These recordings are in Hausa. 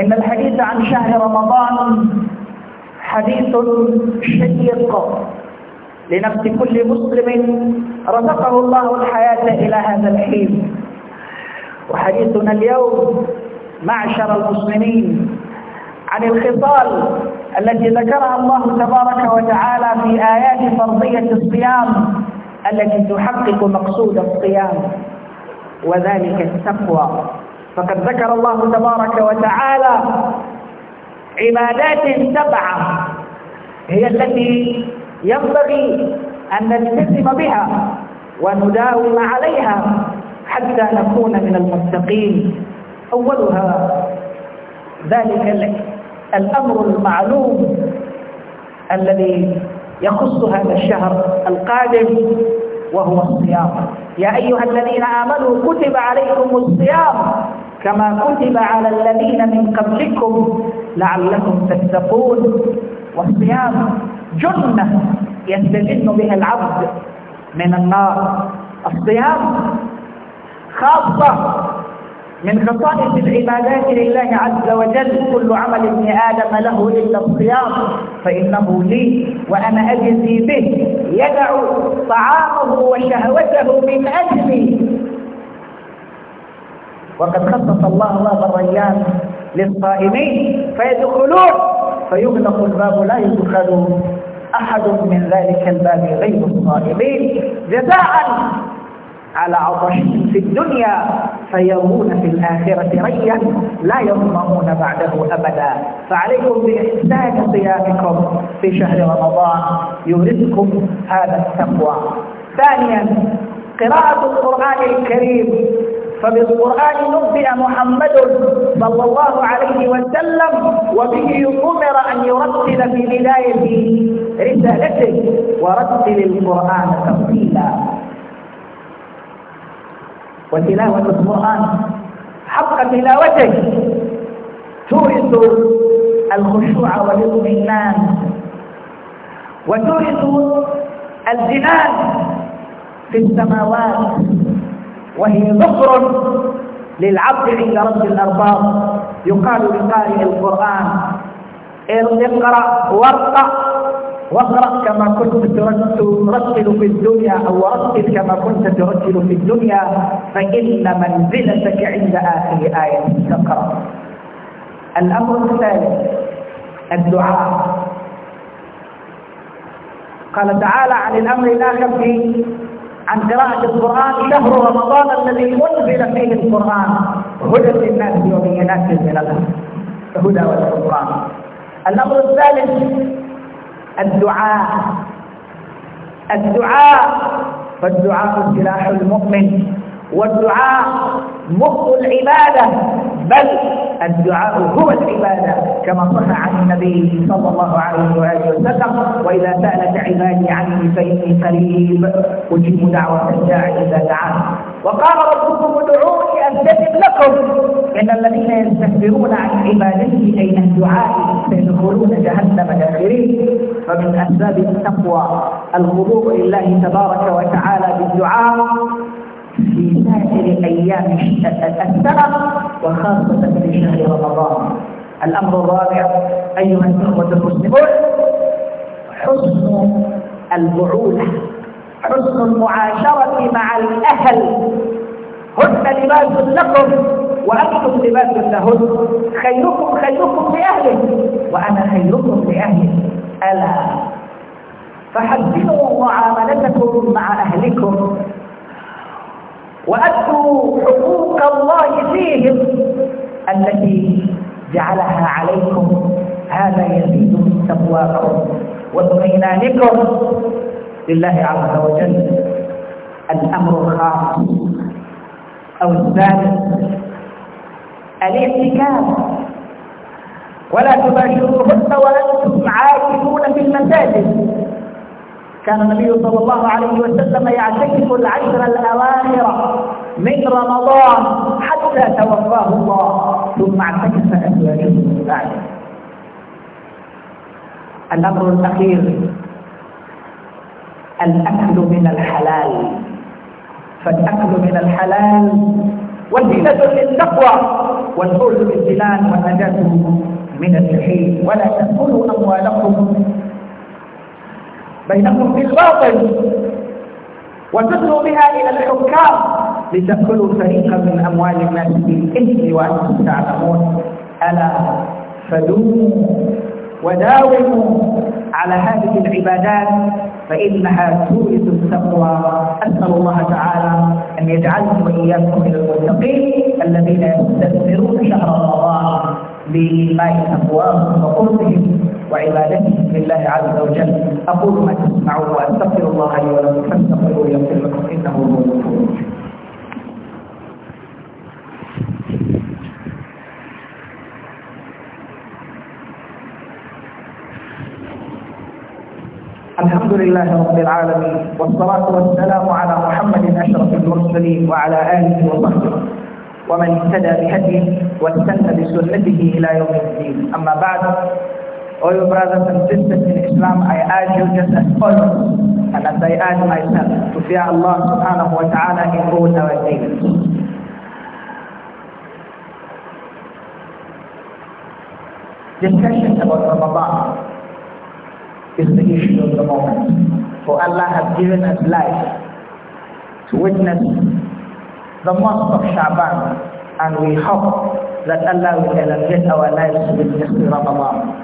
إن الحديث عن شهر رمضان حديث شيق لنفس كل مسلم رزقه الله الحياة إلى هذا الحين وحديثنا اليوم معشر المسلمين عن الخصال التي ذكرها الله تبارك وتعالى في آيات فرضية الصيام التي تحقق مقصود الصيام وذلك التقوى فقد ذكر الله تبارك وتعالى عبادات سبعة هي التي ينبغي أن نلتزم بها ونداوم عليها حتى نكون من المتقين أولها ذلك الأمر المعلوم الذي يخص هذا الشهر القادم وهو الصيام يا أيها الذين آمنوا كتب عليكم الصيام كما كتب على الذين من قبلكم لعلكم تتقون والصيام جنة يستجن بها العبد من النار الصيام خاصة من خصائص العبادات لله عز وجل كل عمل ابن آدم له إلا الصيام فإنه لي وأنا أجزي به يدع طعامه وشهوته من أجلي وقد خصص الله باب الريان للصائمين فيدخلون فيغلق الباب لا يدخل أحد من ذلك الباب غير الصائمين جزاء على عطشهم في الدنيا فيرون في الآخرة ريا لا يظمأون بعده أبدا فعليكم بإحسان صيامكم في شهر رمضان يورثكم هذا التقوى ثانيا قراءة القرآن الكريم فبالقرآن نبئ محمد صلى الله عليه وسلم وبه أمر أن يرتل في بداية رسالته ورتل القرآن ترتيلا وتلاوة القرآن حق تلاوته تورث الخشوع والاطمئنان وتورث الجنان في السماوات وهي ذكر للعبد عند رب الأرباب يقال لقارئ القرآن اقرأ وارقى واقرأ كما كنت ترتل في الدنيا أو رتل كما كنت ترتل في الدنيا فإن منزلتك عند آخر آية تقرأ الأمر الثالث الدعاء قال تعالى عن الأمر الآخر في عن قراءة القرآن شهر رمضان الذي أنزل فيه القرآن هدى للناس وبينات من الله الهدى والقرآن الأمر الثالث الدعاء الدعاء فالدعاء سلاح المؤمن والدعاء مخ العبادة بل الدعاء هو العبادة كما صح عن النبي صلى الله عليه وآله وسلم وإذا سألك عبادي عني فإني قريب أجيب دعوة الداعي إذا دعاني وقال ربكم ادعوني أستجب لكم إن الذين يستكبرون عن عبادتي بين الدعاء سيدخلون جهنم داخلين فمن أسباب التقوى الغرور لله تبارك وتعالى بالدعاء في سائر أيام السنة وخاصة في شهر رمضان الأمر الرابع أيها الإخوة المسلمون حسن البعولة حسن المعاشرة مع الأهل هن لباس لكم وأنتم لباس لهن خيركم خيركم لأهله وأنا خيركم لأهلي ألا فحسنوا معاملتكم مع أهلكم وأدوا حقوق الله فيهم التي جعلها عليكم هذا يزيد من تقواكم واطمئنانكم لله عز وجل الأمر الخاص أو الثالث الاعتكاف ولا تباشروهن وأنتم عاكفون في المساجد كان النبي صلى الله عليه وسلم يعتكف العشر الأواخر من رمضان حتى توفاه الله ثم اعتكف أزواجه من بعده الأمر الأخير الأكل من الحلال فالأكل من الحلال وسيلة للتقوى والفوز بالزلال والنجاة من الجحيم ولا تأكلوا أموالكم بينكم بالباطل وتدلوا بها إلى الحكام لتأكلوا فريقا من أموال الناس بالإثم وأنتم تعلمون ألا فدوموا وداوموا على هذه العبادات فإنها تورث التقوى أسأل الله تعالى أن يجعلكم وإياكم من المتقين الذين يستثمرون شهر رمضان بماء تقواهم وقربهم وعبادتهم لله عز وجل أقول ما تسمعون وأستغفر الله لي ولكم فاستغفروه يغفر لكم إنه هو الغفور الحمد لله رب العالمين والصلاة والسلام على محمد أشرف المرسلين وعلى آله وصحبه ومن اهتدى بهديه واستنى بسنته إلى يوم الدين أما بعد All your brothers and sisters in Islam, I urge you just as follows, and as I urge myself, to fear Allah subhanahu wa ta'ala in all our dealings. discussion about Ramadan is the issue of the moment. For Allah has given us life to witness the month of Shaban and we hope that Allah will elevate our lives to witness of Ramadan.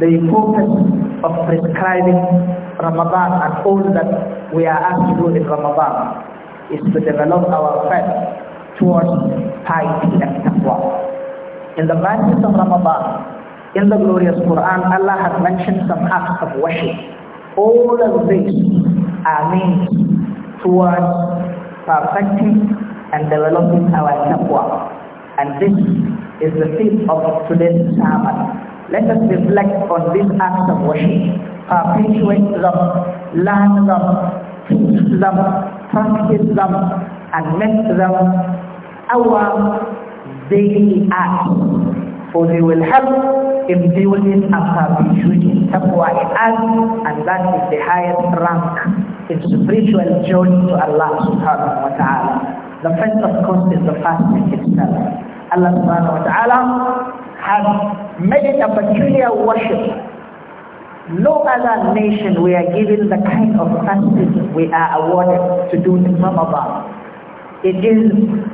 The focus of prescribing Ramadan and all that we are asked to do in Ramadan is to develop our faith towards piety and taqwa in the Majlis of Ramadan, in the glorious Quran, Allah has mentioned some acts of worship. All of these are means towards perfecting and developing our taqwa. And this is the theme of today's sermon. Let us reflect on these acts of worship, perpetuate them, learn them, teach them, practice them, and make them our they act. For they will help in building and perpetuity. Taqwa in us, and that is the highest rank in spiritual journey to Allah subhanahu wa ta'ala. The first of course is the fasting itself. Allah subhanahu wa ta'ala has made it a peculiar worship no other nation we are given the kind of fasting we are awarded to do in Ramadan. It is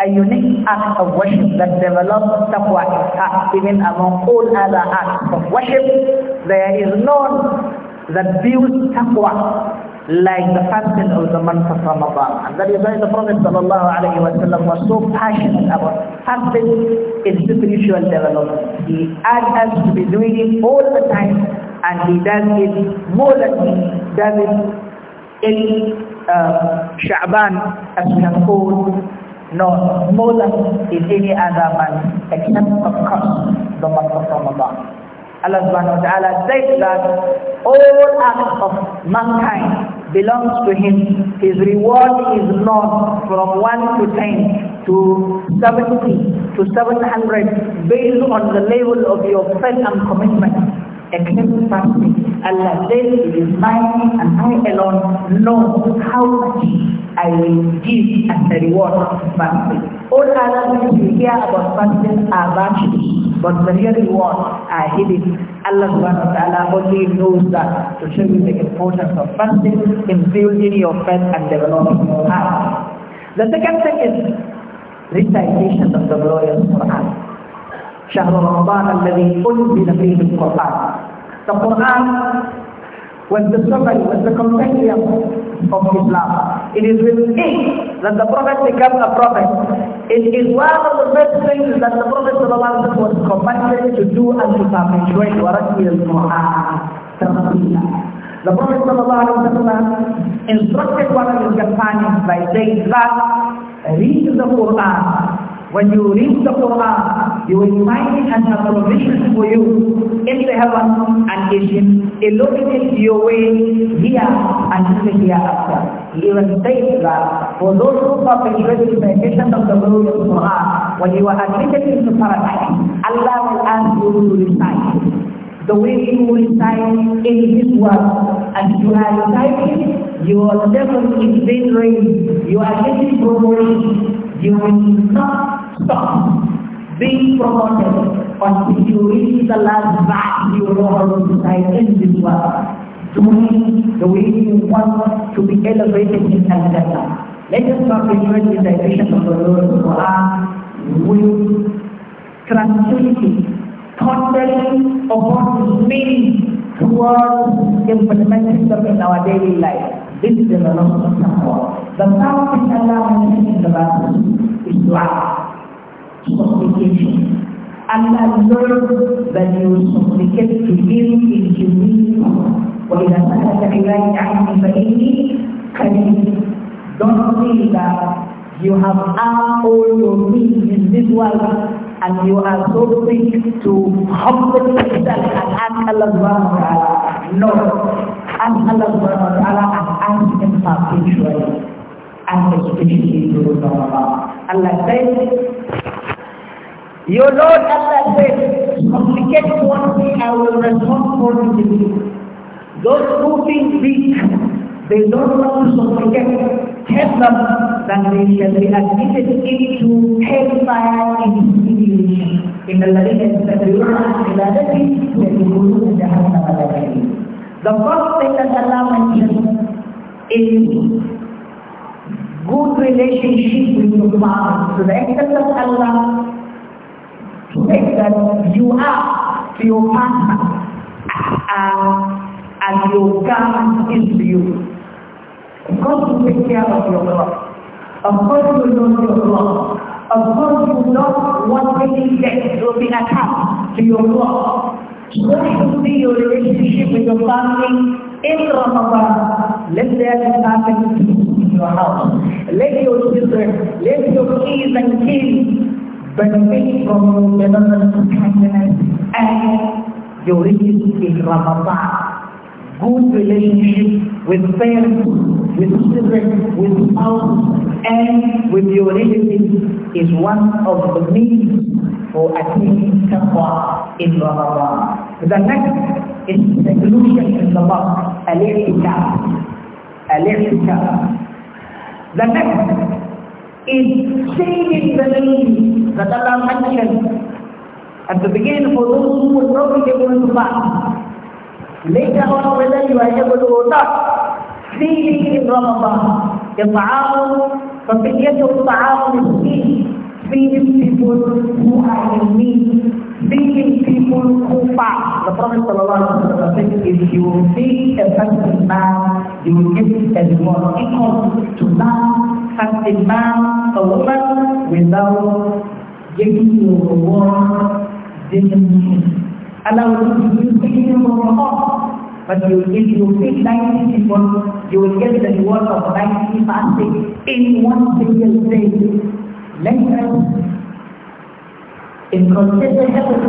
a unique act of worship that develops taqwa in even among all other acts of worship. There is none that builds taqwa like the fasting of the month of Ramadan. And that is why the Prophet ﷺ was so passionate about fasting in spiritual development. He asked us to be doing it all the time and he does it more than he does it in uh, Sha'ban as we have called no more than in any other month except of course the month of Ramadan. Allah subhanahu wa ta'ala says that all acts of mankind belongs to him. His reward is not from 1 to 10 to 70 to 700 based on the level of your faith and commitment Except fasting, Allah says it is mine and I alone know how much I will give as a reward fasting. All other things you hear about fasting are virtues, but the real reward are hidden. Allah subhanahu wa ta'ala only knows that to show you the importance of fasting in building your faith and developing your heart. The second thing is recitation of the glorious Quran. شهر رمضان الذي أنزل فيه القرآن The Quran was the struggle, was the of Islam. It is with it that the Prophet became a prophet. It is one of the best things that the Prophet was commanded to do and to perpetuate Waraki al-Quran. The Prophet instructed one of his companions by saying that read the Quran when you read the Quran, you will find it as a provision for you in the heaven and in illuminates your way here and hereafter. He even says that for those who perpetuate the meditation of the glory of the Quran, when you are admitted into paradise, Allah will ask you to recite the way you recite in His word. And you are reciting, your level is being raised, you are getting promoted, you will not stop being promoted until you reach the last vast you will decide in this world. Doing the way you want to be elevated in Al-Jannah. Let us not refer in the dimension of the Lord For our will tranquility, pondering upon his meaning towards implementing them in our daily life. This is the Lord of The power of Allah in the Bible is dua supplication. Allah knows that you supplicate to Him in humility. وإذا سألت عبادي عني فإني قريب. Don't think that you have all your needs in this world and you are so quick to humble yourself and ask Allah subhanahu wa ta'ala. No. Ask Allah subhanahu wa ta'ala and ask Him for perpetually. And especially to Allah. Allah says, your Lord Allah said, supplicate one thing, I will respond for positively. Those who think weak, they don't want to supplicate, help them, then they shall be admitted into hellfire in humiliation. إن the يستكبرون عن عبادتي سيدخلون جهنم لا يحيون. The first thing that Allah mentioned is good relationship with your father. So the essence of Allah except you are your partner uh, and your God is you. Of course you take care of your cloth. Of course you know your cloth. Of course you don't want any debt to be attached to your cloth. So that should be your relationship with your family in Ramadan. Let there be family in your house. Let your children, let your kids and kids benefiting from benevolent kindness and your riches in Ramadan. Good relationship with parents, with children, with spouse, and with your relatives is one of the means for attaining taqwa in Ramadan. The next is seclusion in the book: al-i'tikaf. al The next is saving the name that Allah mentioned at the beginning for those who would not be able to fast. Later on whether you are able to or not, saving in Ramadan. يطعام فقية الطعام مسكين feeding people who are in need, feeding people who fast. The Prophet Sallallahu said, if you feed a person now, you will give a reward equal to that has a man a woman without giving you the reward dignity. Allah will give you dignity from Allah. But you, if you feed 90 people, you will get the reward of 90 fasting in one single day. Let us, in consider heaven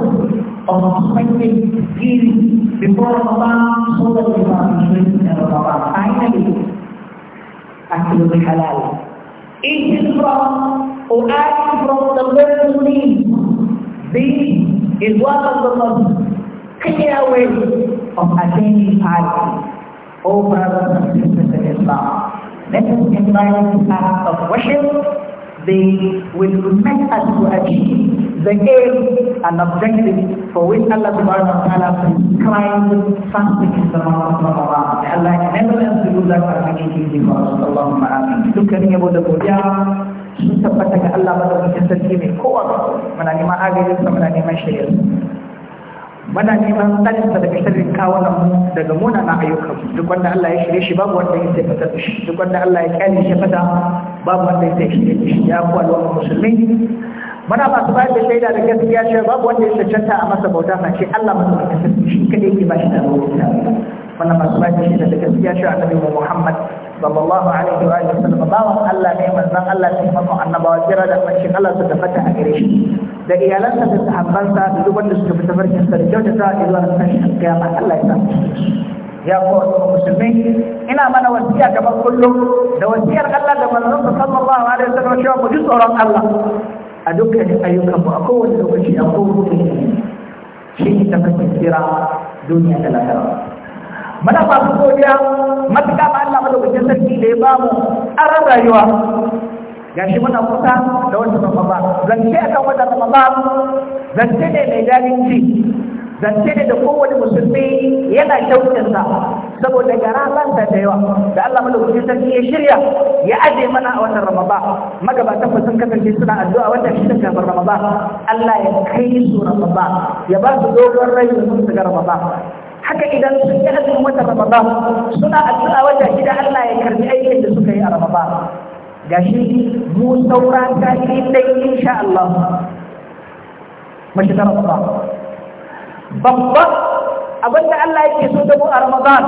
of spending giving before Allah, so that we are enjoying Ramadan. Finally, أكل halal. It is from or acting from the very least. This is one of the most clear ways of attaining piety. over brothers and sisters in Islam, let us invite the path of worship they will make us to achieve the aim and objective for which Allah subhanahu wa ta'ala prescribed something in the month of Ramadan. May Allah enable to do that for making it easy for Allahumma amin. da godiya tabbata ga Allah madaukakin sarki mai kowa muna neman agajinsa muna neman shirin. muna neman tsarin sa daga sharrin kawo mu daga na ayyuka duk wanda Allah ya shirye shi babu wanda ya tafi da duk wanda Allah ya kyale shi fada babu wanda ya tafi da ya ku al'umma musulmi muna su bayar da shaida da gaskiya shi babu wanda ya cancanta a masa bauta ce Allah su ba shi kada yake ba shi da bauta wannan su bayar da shaida da gaskiya shi annabi Muhammad sallallahu alaihi wa sallam bawan Allah ne manzon Allah ne manzon annabawa kira da fashin Allah su tabbata a gare shi da iyalansa da sahabbansa da duk wanda suka fita farkin sa da kyautata da zuwa tashin kiyama Allah ya samu ya kowa musulmi ina mana wasiya gaban kullum da wasiyar Allah da manzon sa sallallahu alaihi wa sallam cewa mu ji tsoron Allah a dukkan ayyukan mu a kowane lokaci a kowane lokaci shi ne tafakin kira duniya da lahira muna masu godiya matuƙa ba Allah madaukakin sarki da ya ba mu aran rayuwa shi muna kusa da wata ramadan zance akan wata ramadan zance ne mai daɗin ci zance ne da kowane musulmi yana kyautinsa saboda garabansa da yawa da Allah madaukakin sarki ya shirya ya aje mana a wannan Ramadan magabatan mu sun kasance suna addu'a watan shi kafin Ramadan Allah ya kai su Ramadan ya ba su dogon rai sun su ga Ramadan haka idan sun yi azumin wata ramadan suna addu'a wata gida Allah ya karbi aikin da suka yi a ramadan gashi mu saura ta yi dai insha Allah mashigar ramadan babban abinda Allah yake so da mu a ramadan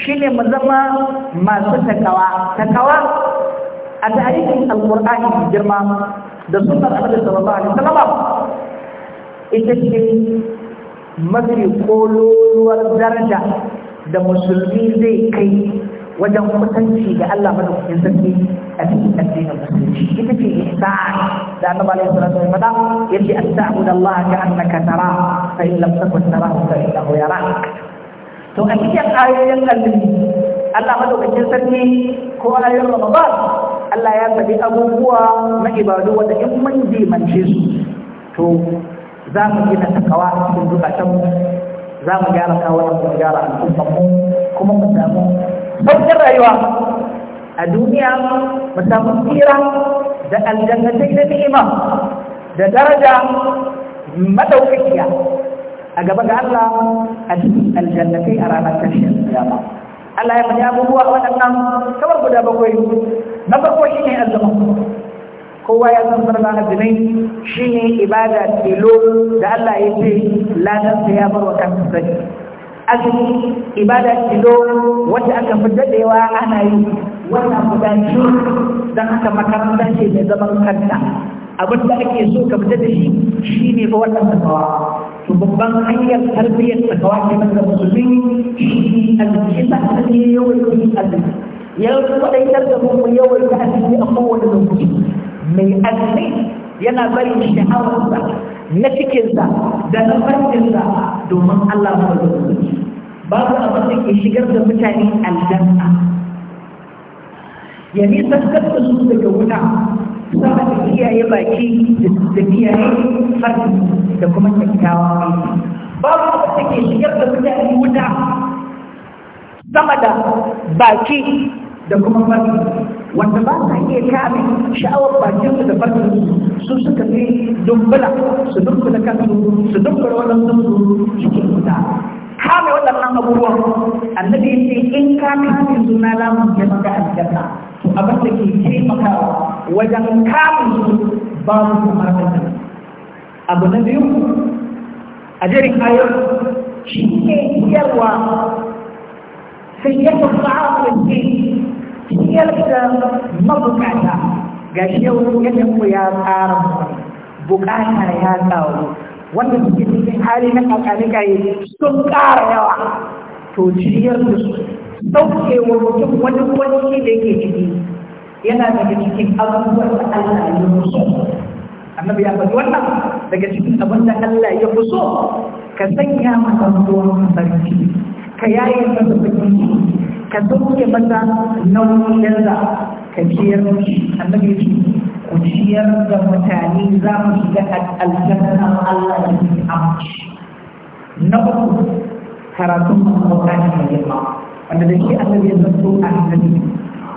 shine mu zama masu takawa takawa a tarihin da girma da sunnar annabi sallallahu alaihi wasallam ita ce mafi kololuwar daraja da musulmi zai kai wajen kusanci ga Allah madaukakin sarki a cikin addinin musulunci ita ce ihsan da annabi alaihi salatu wa sallam yace da Allah ka annaka tara fa in lam takun tarahu fa innahu yarak to a cikin ayoyin kalmi Allah madaukakin sarki ko ayoyin Ramadan Allah ya faɗi abubuwa na ibadu wanda in mun jimance su to za mu gina takawa a cikin zukatanmu za mu gyara kawunan mu gyara al'ummarmu kuma mu samu sauƙin rayuwa a duniya mu samu tsira da aljannatai da ni'ima da daraja madaukakiya a gaba ga Allah a cikin aljannatai a ranar tashin kiyama Allah ya faɗi abubuwa waɗannan kamar guda bakwai na farko ne azumi kowa ya san farla azumi ne ibada tilo da Allah ya ce ladansa ya bar wa kansa sani azumi ibada tilo wacce aka fi dadewa ana yi wannan gudanci don haka makaranta ce mai zaman kanta abin da ake so ka fita da shi ne fa wannan sakawa to babban hanyar tarbiyyar takawa ke nan da musulmi shi azumi ta ne yawan yi azumi yau kwadaitar da mu yawan yi azumi a kowane lokaci mai azumi yana da sha'awarsa na cikinsa da na farkinsa domin Allah ba da babu abin da ke shigar da mutane aljanna ya nisantar da su daga wuta sama da kiyaye baki da kiyaye farki da kuma kyakkyawa babu abin da ke shigar da mutane wuta sama da baki da kuma farko wanda ba sa iya kame sha'awar bakin su da farko su suka fi dumbula su dumbula kansu su dumbula waɗansu su cikin guda kame nan abubuwan annabi ce in ka kame suna lamun ya maka aljanna to abin da ke taimakawa wajen kame su ba mu kuma da abu na biyu a jirin ayar shi ne siyarwa sai ba fi sa'a ciyar da mabukata ga shi yau ku ya tsara bukata ya tsawo wanda suke cikin hali na kakanika yi sun ƙara yawa to ciyar da su sauke wa mutum wani kwanci da yake ciki yana daga cikin abubuwan da Allah ya musu annabi ya faɗi wannan daga cikin abin da Allah ya fi so ka sanya masa ruwan barci ka yaye masa bakin ka sauke masa nauyinsa ka ciyar annabi ce ku ciyar da mutane za mu shiga aljannan Allah da ke amince na uku karatun Qur'ani da girma wanda da shi annabi ya zanto a annabi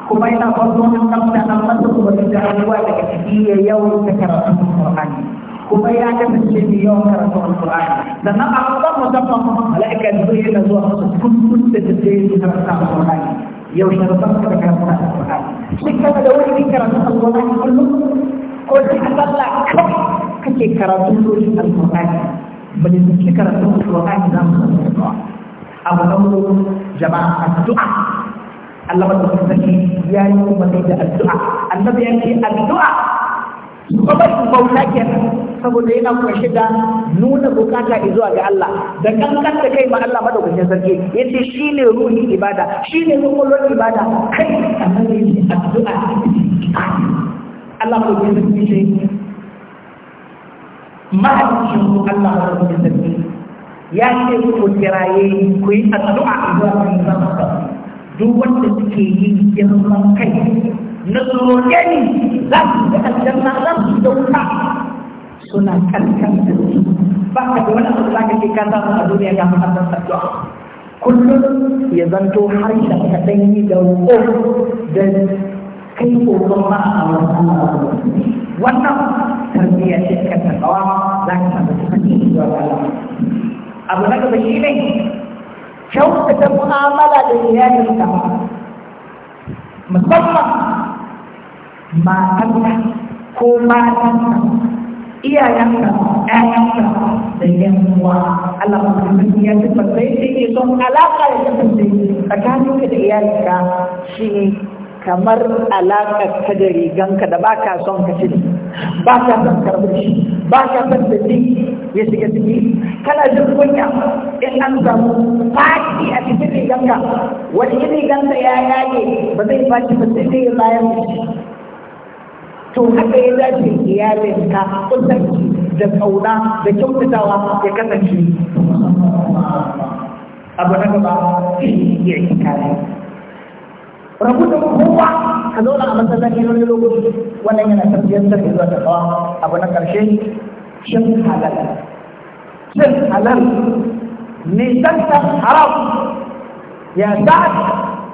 kuma yana farko nan nan nan masa kuma da abubuwa daga ciki ya yawaita karatun Qur'ani kuma ya kasance ne yawan karatu alqur'ani sannan a babban musamman malaika jibril yana zuwa masa kullum da take su karanta alqur'ani yau sharafan ka da karanta alqur'ani shi kana da wani karatu alqur'ani kullum ko da Allah kake karatu sosai alqur'ani bane kake karatu alqur'ani za mu san abu na hudu jama'a addu'a Allah ba ta sani ya yi kuma da addu'a annabi ya ce addu'a kwabarin bauta kenan saboda yana kunshe da nuna bukata zuwa ga Allah da kankan da kai ma Allah madaukakin sarki yace ne ruhin ibada Shi ne kokolon ibada kai annan yace addu'a Allah ko ya sarki ce shi Allah madaukakin sarki ya ce ku kiraye ku yi addu'a zuwa ga Allah duk wanda suke yi girman kai na roƙe ni za su ga aljanna za su da wuta suna kankan da su ba ka da wani abu za ka ke ka samu a duniya ga matan addu'a kullum ya zanto harshen ka ɗan yi da roƙo da kai ƙoƙon ma a wannan wannan tarbiyyar ce ka tsawa za ka samu cikin zuwa ga abu na gaba shi ne kyautata mu'amala da iyalinka musamman matanka ko matanka iyayenka ƴaƴanka da yan uwa Allah mutum ya ci fasai da ke son alaƙa da yi kasance tsakaninka da iyayenka. shi ne kamar alaƙar ta da riganka da ba ka son ka cire ba ka son karɓar shi ba ka son da duk ya shiga ciki kana jin kunya in an samu faɗi a cikin riganka wani riganka ya yage ba zai faɗi ba sai dai ya bayan shi to haka ya dace iyalinka kusanci da kauna da kyautatawa ya kasance abu na gaba shi ya yi kare rabu da kowa ka zauna a masallaci wani lokaci wannan yana tafiyar da zuwa da kawa abu na karshe shin halal shin halal nisanta haram ya sa'ad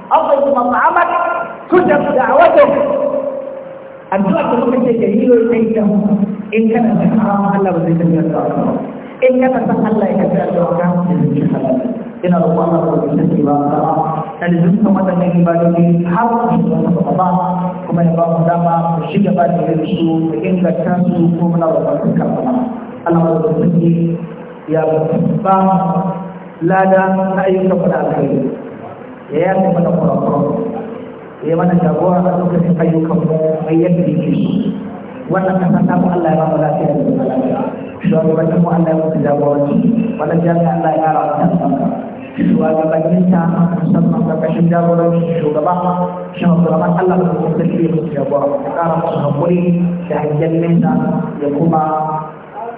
أفضل من عمل كتب دعوته addu'a da muka ce dalilin sai ta in kana san haram Allah ba zai tafiya da ka in kana san Allah ya tafiya da ka da halal ina roƙon Allah ko da take ba ka da dukkan wadannan ibadoji har su zama ba kuma ya ba mu dama mu shiga ba da su da inganta su ko muna roƙon ka Allah ko da take ya ba lada na ayyukan mu da ya yi mana kurakuran ya mana jagora a lokacin ayyukan mu mai yadda yake wannan kasan tamu Allah ya ba mu lafiya da zama lafiya shugabannin mu Allah ya ba musu jagoranci wannan jami'a Allah ya kara wata sanka shugabannin ta musamman karkashin jagoranci shugaba shan shugaban Allah da kuma sarki ya musu jagora ya kara musu hakuri da hangen nesa ya kuma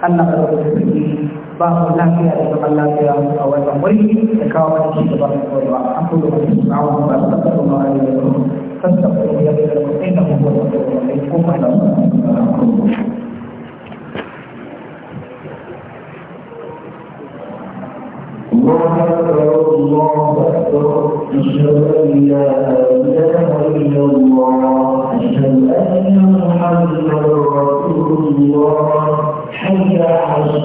Allah ɗaukaki ba mu lafiya da zaman lafiya a wannan wuri da kawo mana ci gaba mai koyarwa an kuma wani sa'awun ba su الله أكبر الله أكبر أشهد أن لا إله إلا الله أشهد أن محمدا رسول الله حي على